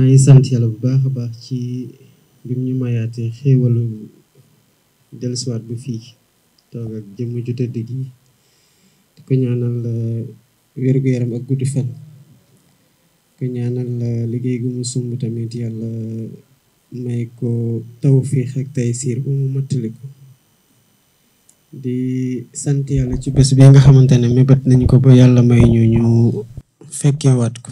maa ngi sant yàlla bu baax a baax ci bi mu ñu mayaatee xéewalu dellusiwaat bu fii toog jëm jëmm ju tëdd gi di ko ñaanal uh, wérgu yaram ak guddi fan ko ñaanal uh, liggéey gu mu sumb tamit yàlla may ko tawfiix ak taysiir bu mu mottali ko di sant yàlla ci bés bi nga xamante ne mébét nañu ko ba yàlla may ñu ñu fekkewaat ko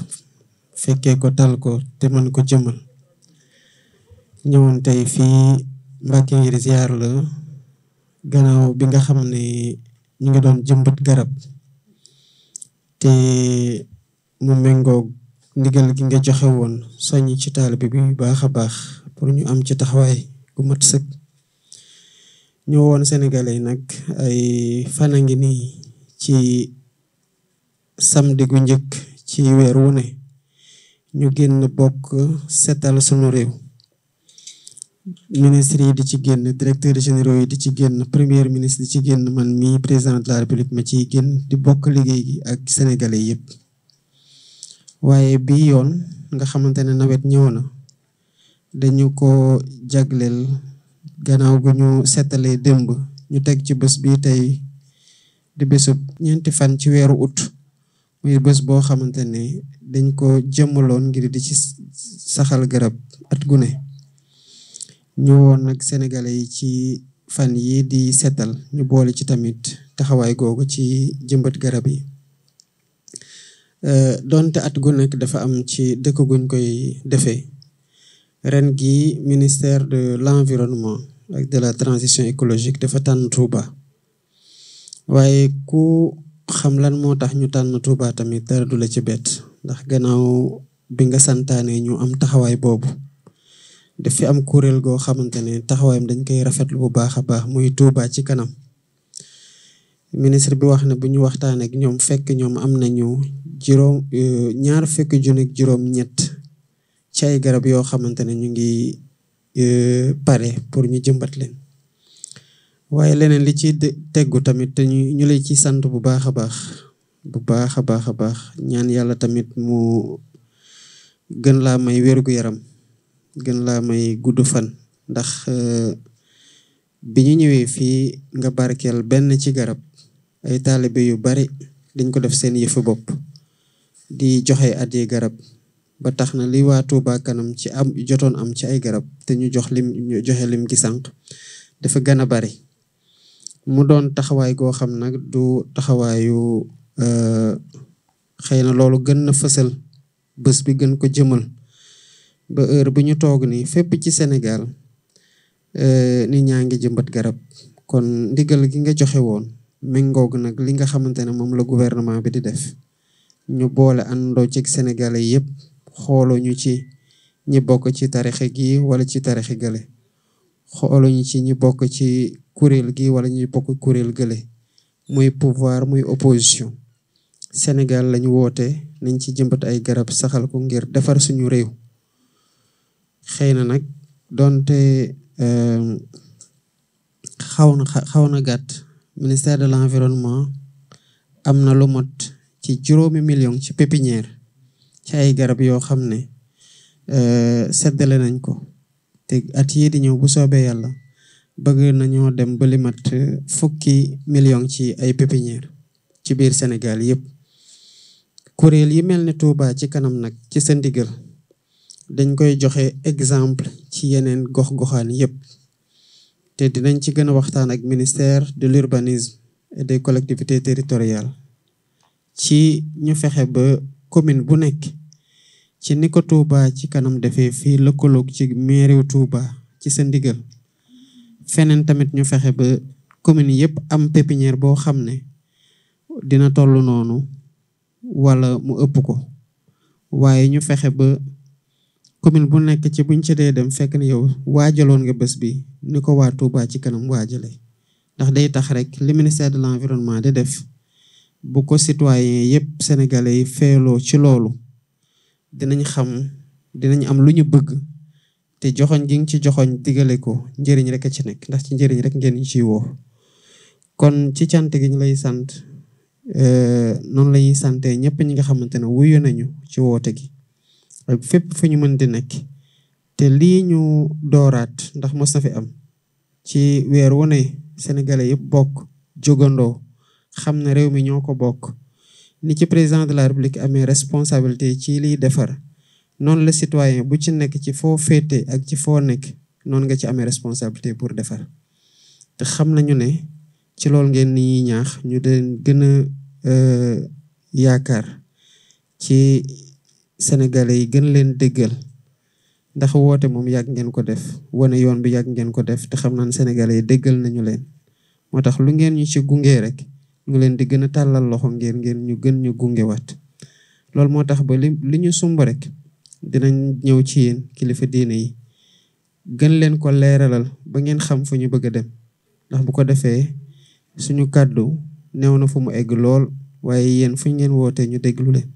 fekkee ko tal ko te man ko jëmal ñëwoon tey fii Mbàkke ngir ziar la gannaaw bi nga xam ne ñu ngi doon jëmbat garab te mu méngoo ndigal gi nga joxe woon soññ ci taalibe bi bu baax a baax pour ñu am ci taxawaay gu mat sëkk ñu woon sénégalais yi nag ay fana ngi nii ci samedi gu njëkk ci weer wu ñu génn bokk setal sunu réew ministre yi di ci génn directeur généraux yi di ci génn première ministre di ci génn man mi président de la république ma ci génn di bokk liggéey gi ak sénégalais yëpp waaye bii yoon nga xamante ne nawet ñëw na dañu ko jagleel gannaaw gu ñu seetalee démb ñu teg ci bés bi tey di bésub ñeenti fan ci weeru ut muy bés boo xamante ne dañ ko jëmmaloon ngir di ci saxal garab at gu ne ñu woon nag sénégalais yi ci fan yi di setal ñu boole ci tamit taxawaay googu ci jëmbat garab yi euh, donte at gu nekk dafa am ci dëkk guñ koy defee ren gi ministère de l'environnement ak de la transition écologique dafa tànn Touba waaye ku xam lan moo tax ñu tànn Touba tamit dara du la ci bett ndax gannaaw bi nga santaane ñu am taxawaay boobu daf fi am kuréel goo xamante ne taxawaayam dañ koy rafetlu bu baax a baax muy Touba ci kanam ministre bi wax ne bu ñu waxtaanee ak ñoom fekk ñoom am nañu juróom euh, ñaar fekk junneeg juróom-ñett ci garab yoo xamante ne ñu ngi euh, pare pour ñu jëmbat leen. waaye leneen li ci teggu tamit te ñu lay ci sant bu baax a baax. bu baax a baax a baax ñaan yàlla tamit mu gën laa may wérgu yaram gën laa may gudd fan ndax euh, bi ñu ñëwee fii nga barkeel benn ci garab ay taalibe yu bari dañ ko def seen yëfu bopp di joxe addi garab ba tax na li waa Touba kanam ci am jotoon am ci ay garab te ñu jox lim ñu joxe lim gi sànq dafa gën a bari mu doon taxawaay goo nag du taxawaayu Euh, xëy na loolu gën na fësal bés bi gën ko jëmal ba heure bi ñu toog nii fépp ci Sénégal euh, ni ñaa ngi jëmbat garab kon ndigal gi nga joxe woon méngoog nag li nga xamante ne moom la gouvernement bi di def ñu boole àndoo ci Sénégalais yëpp xooloo ñu ci ñi bokk ci tarixe gi wala ci tarixe gële xooloo ñu ci ñi bokk ci kuréel gi wala ñi bokk kuréel gële muy pouvoir muy opposition Sénégal lañu woote nañ ci jëmbat ay garab saxal ko ngir defar suñu réew xëy na nag doonte euh, xaw na xaw gàtt ministère de l'environnement am na lu mot ci juróomi million ci pépinière ci ay garab yoo xam ne euh, seddale nañ ko te at yii di ñëw bu soobee yàlla bëgg nañoo dem ba li mat fukki million ci ay pépinière ci biir Sénégal yëpp kuréel yi mel ni Touba ci kanam nag ci sa ndigal dañ koy joxe exemple ci yeneen gox-goxaan yépp te dinañ ci gën a waxtaan ak ministère de l'urbanisme et des collectivités territoriales ci ñu fexe ba commune bu nekk ci ni ko Touba ci kanam defee fii lëkkaloog ci mairie Touba ci sa ndigal feneen tamit ñu fexe ba commune yépp am pépinière boo xam ne dina toll noonu wala mu ëpp ko waaye ñu fexe ba commune bu nekk ci buñ ci dee dem fekk ne yow waajaloon nga bés bi ni ko waa Touba ci kanam waajale ndax day tax rek li ministère de l'environnement de def bu ko citoyen yëpp sénégalais yi feeloo ci loolu dinañ xam dinañ am lu ñu bëgg te joxoñ gi nga ci joxoñ digale ko njëriñ rek a ci nekk ndax ci njëriñ rek ngeen ñu ciy woo kon ci cant gi lay sant Eh, noonu la ñuy sante ñëpp ñi nga xamante ne wuyu nañu ci woote gi ak fépp fu ñu mën di nekk te lii ñu dooraat ndax mos na fi am ci weer wu ne sénégalais yëpp bokk jógandoo xam ne réew mi ñoo ko bokk ni ci président de la république amee responsabilité ci liy defar noonu la citoyen bu ci nekk ci foo féete ak ci foo nekk noonu nga ci amee responsabilité pour defar te xam nañu ne ci loolu ngeen ni ñaax ñu den gën a e, yaakaar ci sénégalais yi gën leen déggal ndax woote moom yàgg ngeen ko def wane yoon bi yàgg ngeen ko def te xam naan sénégalais yi déggal nañu leen moo tax lu ngeen ñu ci gunge rek ñu leen di gën a tàllal loxo ngir ngeen ñu gën ñu gunge waat loolu moo tax ba li li ñu sumb rek dinañ ñëw ci yéen kilifa diine yi gën leen ko leeralal ba ngeen xam fu ñu bëgg a dem ndax bu ko defee suñu kàddu néew na fu mu egg lool waaye yéen fu ngeen wootee ñu déglu leen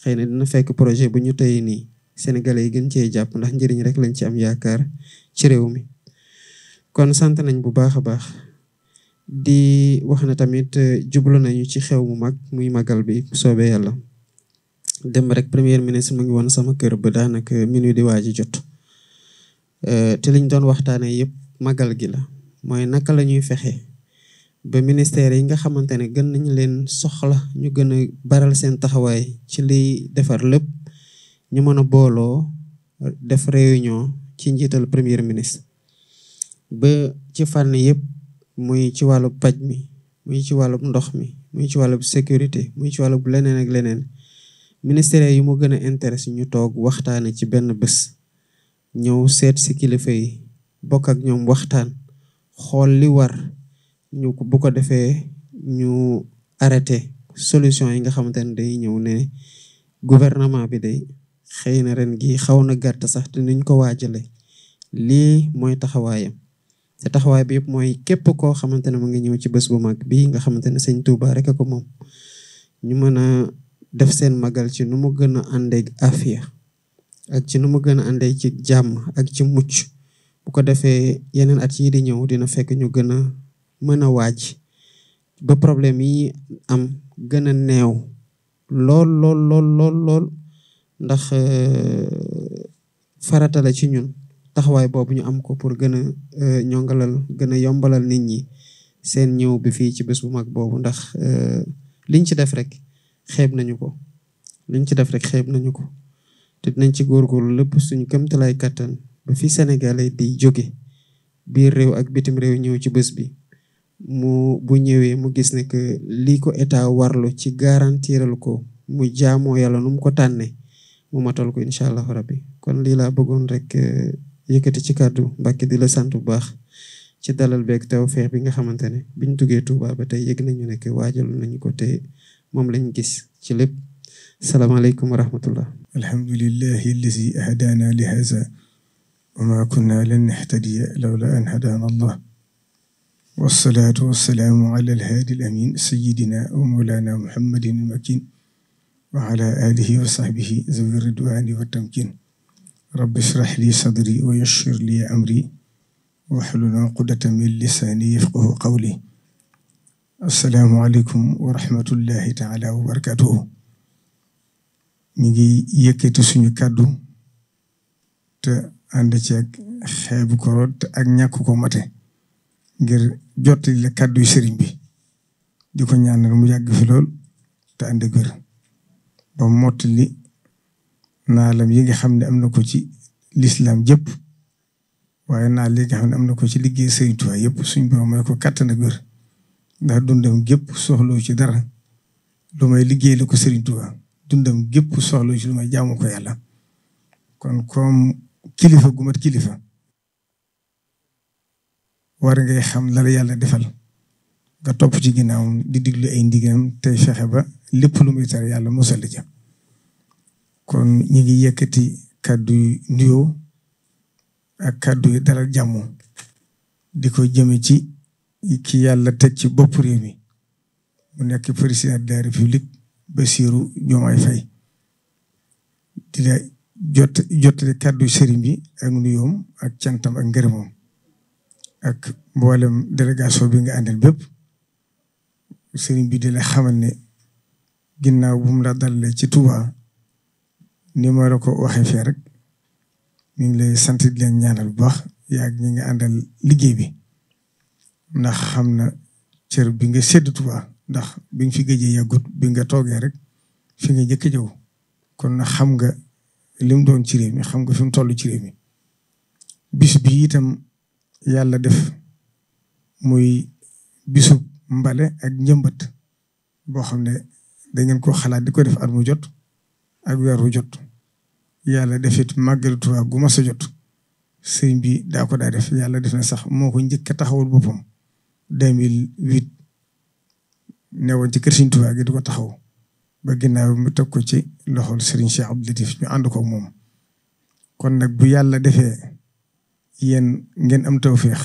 xëy na dina fekk projet bu ñu tey nii sénégalais yi gën cee jàpp ndax njëriñ rek lañ ci am yaakaar ci réew mi kon sant nañ bu baax a baax di wax na tamit euh, jublu nañu ci xew mu mag muy magal bi soobee yàlla dem rek premier ministre mu ngi woon sama kër ba daanaka minuit di waa ji jot euh, te liñ doon waxtaanee yëpp magal gi la mooy naka lañuy ñuy fexe ba ministère yi nga xamante ne gën nañ leen soxla ñu gën a baral seen taxawaay ci liy defar lépp ñu mën a booloo def réunion ci njiital première ministre ba ci fànn yëpp muy ci wàllub paj mi muy ci wàllub ndox mi muy ci wàllub sécurité muy ci wàllub leneen ak leneen ministère yi mu gën a intéressé ñu toog waxtaane ci benn bés ñëw seet si kilifa yi bokk ak ñoom waxtaan xool li war ñu bu ko defee ñu arrêté solution yi nga xamante ne day ñëw ne gouvernement bi day xëy na ren gi xaw na gàtt sax te nuñ ko waajale lii mooy taxawaayam te taxawaay bi yëpp mooy képp koo xamante ne mu ngi ñëw ci bés bu mag bi nga xamante ne sëñ Touba rek a ko moom ñu mën a def seen magal ci nu mu gën a àndeeg afiya ak ci nu mu gën a àndee ci jàmm ak ci mucc bu ko defee yeneen at yii di ñëw dina fekk ñu gën mën a wàcc ba problème yi am gën a neew lool lool lool ndax euh, farata la ci ñun taxawaay boobu ñu am ko pour gën a euh, ñongalal gën a yombalal nit ñi seen ñëw bi fii ci bés bu mag boobu ndax euh, liñ ci def rek xeeb nañu ko liñ ci def rek xeeb nañu ko te dinañ ci góorgóorlu lépp suñu këmtalaay kattan ba fi Sénégalais di jóge biir réew ak bitim réew ñëw ci bés bi mu bu ñëwee mu gis ne que lii ko état warlo ci garantiral ko mu jaamoo yàlla nu mu ko tànnee mu matal ko incha allah rabbi kon lii laa bëggoon rek euh, yëkkati ci kàddu Mbàkke di la sant bu baax ci dalal beeg taw feex bi nga xamante ne biñ duggee Touba ba tey yëg ñu ne que waajal nañu ko te moom lañ gis ci lépp salaamaaleykum wa rahmatullah alhamdulillahi allazi hadana li haza wa kunna lan nahtadiya lawla an hadana allah wasalaatu wasalaamu ala alhaadi alamin sayidina wa mawlana muhammadin almakin wa ala alihi wa sahbihi zawi ridwani wa tamkin rabbi shrah li sadri wa yassir li amri wahlul uqdatan min lisani yafqahu qawli assalaamu aleykum wa rahmatullahi taala wa barakatuhu ñu ngi yëkkati suñu kàddu te ànd ci ak xeebu ko te ak ñàkk ko mate ngir jottali la kàddu sëriñ bi di ko ñaanal mu yàgg fi lool te ànd ak wér ba mottali naalam yi nga xam ne am na ko ci lislaam jëpp waaye naal yi xam ne am na ko ci liggéey Sëriñ Tuubaa yëpp suñ borom may ko kàttan ak ndax dundam gépp soxloo ci dara lu may liggéey la ko Sëriñ Tuubaa dundam gépp soxloo ci lu may jaamu ko yàlla kon comme kilifa gu kilifa war ngay xam la la yàlla defal nga topp ci ginnaawam di diglu ay ndigam tey fexe ba lépp lu muy tar yàlla musal ja kon ñi ngi yëkkati kàddu yu nuyoo ak kàddu yu dara jàmm di ko jëme ci ki yàlla teg ci boppu réew mi mu nekk président de la république Bassirou Diomaye fay di la jot jottali kàddu sëriñ bi ak nuyoom ak cantam ak ngërëmam ak mboolem délégation bi nga àndal bépp sëriñ bi di la xamal ne ginnaaw bu mu la dalalee ci Touba ni ma la ko waxee fii rek ñu ngi lay sant leen ñaanal bu baax yaag ñi nga àndal liggéey bi ndax xam na cër bi nga sedd Touba ndax bi nga fi gëjee yàggut bi nga toogee rek fi njëkk a jëw kon na xam nga lim doon ci réew mi xam nga fi mu toll ci réew mi bis bi itam. yàlla def muy bisub mbale ak njëmbët boo xam ne dangeen ko xalaat di ko def at mu jot ak weer wu jot yàlla defit màggal Tuubaa gu mas a jot sëñ bi daa ko daa def yàlla def na sax moo ko njëkk a taxawul boppam 2008 newoon ci kër Sëñ Tuubaa gi di ko taxaw ba ginnaaw mu teg ko ci loxol Serigne Cheikh Abdou ñu ànd ko moom kon nag bu yàlla defee yéen ngeen am tawféex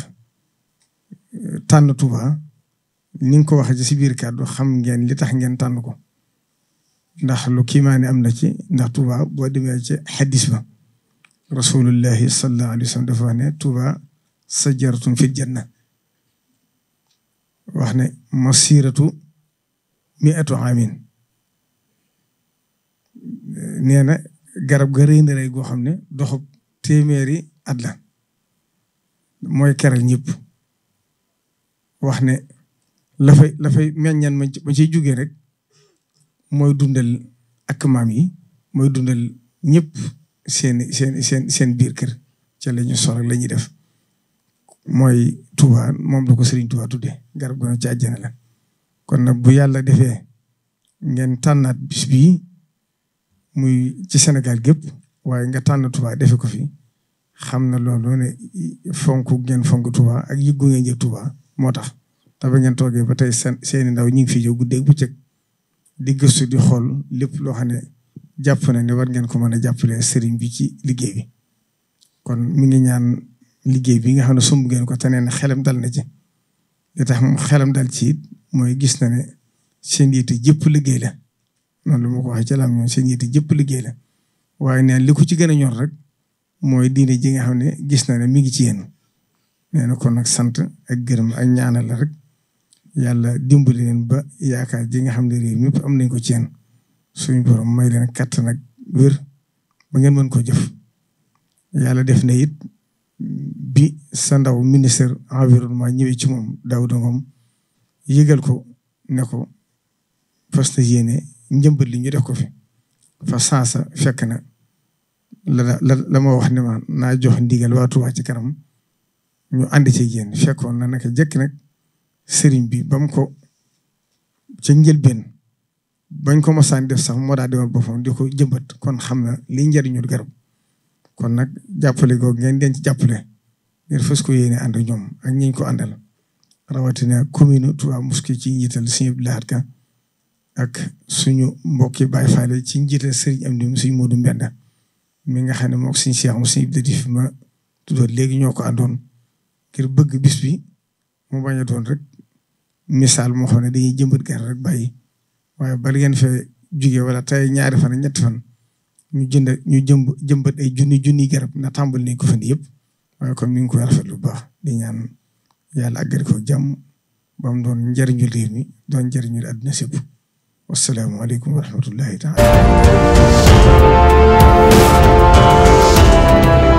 tànn Touba ni nga ko waxee ci si biir kàddu xam ngeen li tax ngeen tànn ko ndax lu kiimaane am na ci ndax Touba boo demee ci xaddis ba rasulullahi sallallahu alayhi wa sallam dafa wax ne Touba sajaratun fil wax ne masiratu mi'atu amin nee na garab ga rëy na goo xam ne doxub téeméeri at mooy keral ñëpp wax ne la fay la meññan ma ma ciy jugee rek mooy dundal ak maam yi mooy dundal ñépp seen seen seen seen biir kër ca la ñu lañuy def mooy Touba moom la ko Serigne Touba tuddee garab gu ne ci àjjana la kon nag bu yàlla defee ngeen tànnaat bis bii muy ci senegal gépp waaye nga tànn Touba defe ko fi xam na loolu ne fonk ngeen fonk tubaa ak yëggu ngeen yëg Touba moo tax te ba ngeen toogee ba tey seen seeni ndaw ñu ngi fi jóg guddeeg bu cëg di gëstu di xool lépp loo xam ne jàpp na ne war ngeen ko mën a jàppale sëriñ bi ci liggéey bi kon mi ngi ñaan liggéey bi nga xam ne sumb ngeen ko te nee xelam dal na ci li tax moom xelam dal ci it mooy gis na ne seen yitte jëpp liggéey la noonu lu ma ko waxee ci laam ñoom seen yitte jëpp liggéey la waaye neen li ko ci gën a ñor rek mooy diine ji nga xam ne gis na ne mi ngi ci yéen nee na kon nag sant ak gërëm ak ñaanal la rek yàlla dimbali leen ba yaakaar ji xam ne réew mépp am nañ ko ci yéen suñu borom may leen kàttan ak wér ba ngeen mën ko jëf yàlla def na it bi sa ndaw ministère environnement ñëwee ci moom Daouda Ngom yëgal ko ne ko fas na yéene njëmbat li ñu def ko fi fa sansa fekk na la la la ma wax ne ma naa jox ndigal waa Touba ci kanam ñu ànd ci yéen fekkoon na naka jëkk nag sëriñ bi ba mu ko ca njëlbeen bañ ko mosaan def sax moo daa demal boppam di ko jëmbat kon xam na liy njëriñul garab kon nag jàppale googu ngeen denc jàppale ngir fës ko yéene ànd ñoom ak ñiñ ko àndal rawatina commune Touba Mosquée ci jiital Sëriñ Abdou Ka ak suñu mbokki Baay Faal ci njiital sëriñ am di suñu Moodu Mbenda mi nga xam ne moom suñu seex mu suñu def ma tuddoon léegi ñoo ko àndoon ngir bëgg bis bi mu bañ doon rek misaal moo xam ne dañuy jëmbat gar rek bàyyi waaye bal ngeen fee jugee wala tey ñaari fan ñetti fan ñu jënd ñu jëmb jëmbat ay junni junni garab na tàmbali nañ ko yëpp waaye kon mi ngi koy rafet lu baax di ñaan yàlla àggal ko jàmm ba doon njariñu réew mi doon njariñu àdduna sépp wassalaamu aleykum wa rahmatullahi taala